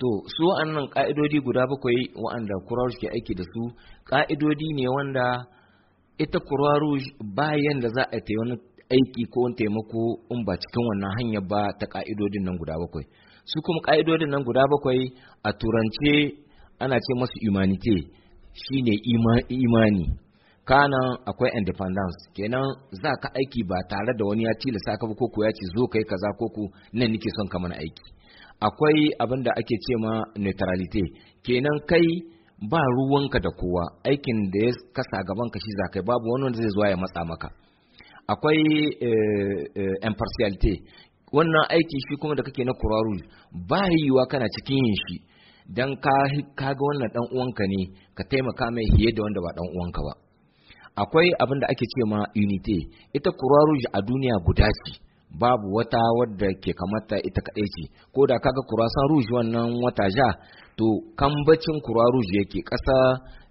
to su wa'annan ka'idodi guda bakwai wa'anda kurarush ke aiki da su ka'idodi ne wanda ita kurarush bayan da za a yi wani aiki ko wani taimako in ba cikin wannan hanyar ba ta ka'idodin nan guda bakwai su kuma ka'idodin nan guda bakwai a turance ana ce masu shi shine imani kanan akwai independence kenan za ka aiki ba tare da wani ya tilasta ka ba ko ya ce zo kai kaza ko ku nan nake son ka mana aiki akwai abin da ake ce ma neutralite kenan kai ba ruwanka da kowa aikin da ya kasa gaban ka shi zakai babu wani wanda zai zuwa ya matsa maka akwai eh, eh, impartialite wannan aiki shi kuma da kake na kurarul ba yiwuwa kana cikin yin shi dan ka kaga wannan dan uwanka ne ka taimaka mai hiye da wanda ba dan uwanka ba akwai abin da ake ce ma unity ita kurarul a duniya guda ce babu wata wadda ke kamata ita kaɗai ce ko da kaga kurasan rouge wannan wata ja to kambacin kura rouge yake ƙasa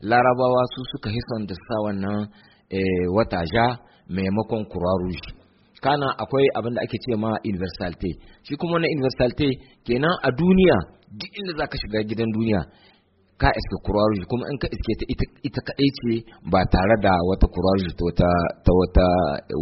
larabawa su suka hison da sa wannan eh, wata ja maimakon kura rouge kana akwai abin da ake ce ma universalte shi kuma na universalte kenan a duniya duk inda za ka shiga gidan duniya ka iske kuraruji kuma in ka iske ta ita kaɗai ce ba tare da wata kuraruji ta wata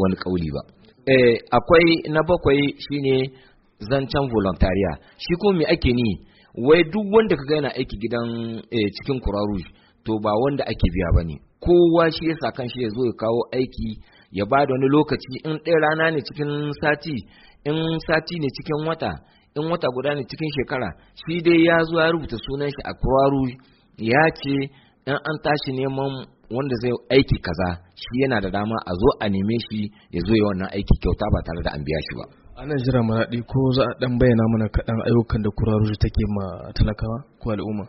wani ƙauli ba eh, akwai na bakwai shine zancen volontariya shi kuma me ake ni wai duk wanda kaga yana aiki gidan eh, cikin kuraru to ba wanda ake biya bane kowa shi yasa kan shi ya zo ya kawo aiki ya ba da wani lokaci in ɗaya rana ne cikin sati in sati ne cikin wata in wata guda ne cikin shekara shi dai ya zo ya rubuta sunan shi a kuraru ya ce in an tashi neman wanda zai aiki kaza shi yana da dama a zo a neme shi ya zo ya wannan aiki kyauta ba tare da an biya shi ba ana jira daɗi ko za a ɗan bayyana mana kaɗan ayyukan da ruri take ma talakawa ko al'umma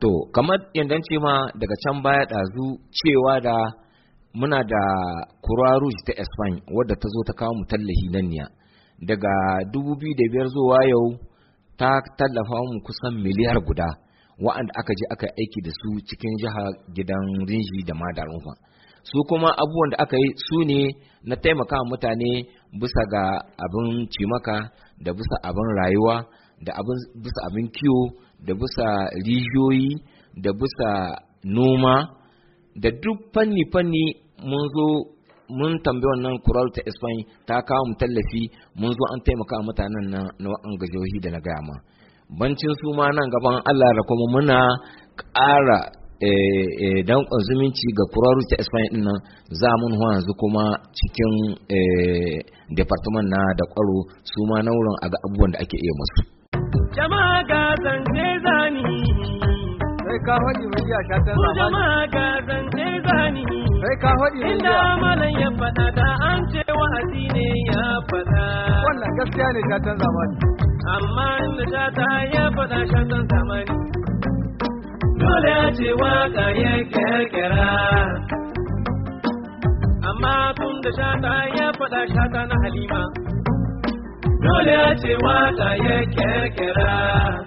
to kamar yadda ce ma daga can baya ɗazu cewa da muna da ruri ta espan wadda ta zo ta kawo mu tallahi nan niya daga biyar zuwa yau ta tallafa mu kusan miliyar guda wa'anda aka je aka aiki da su cikin jiha gidan rinji da ma su kuma abubuwan da aka yi su ne na taimaka mutane bisa ga abin cimaka da bisa abin rayuwa da abin bisa abin kiwo da bisa rijiyoyi da bisa noma da duk fanni-fanni mun zo mun tambayi wannan kural ta espanya ta kawo mu tallafi mun zo an taimaka mutanen na na waɗanda jihohi da na gaya ma bancin su ma nan gaban Allah da kuma muna ƙara eh, eh, danƙon zumunci ga kuraru ta Espanya din nan za mun yanzu kuma cikin eh, department na da ƙwaro su ma na wurin a ga abubuwan da ake iya musu. Jama'a ga zance zani Sai ka faɗi mai ya ta zamani. Jama'a ga zance zani Sai ka faɗi murya. Inda malam ya faɗa da an ce wa'azi ne ya faɗa. Wannan gaskiya ne sha ta zamani. amma inda shata ya faɗa shatan zamani dole ya ce waka ya kirkira amma tun da shata ya faɗa shata na halima dole ya ce waka ya kirkira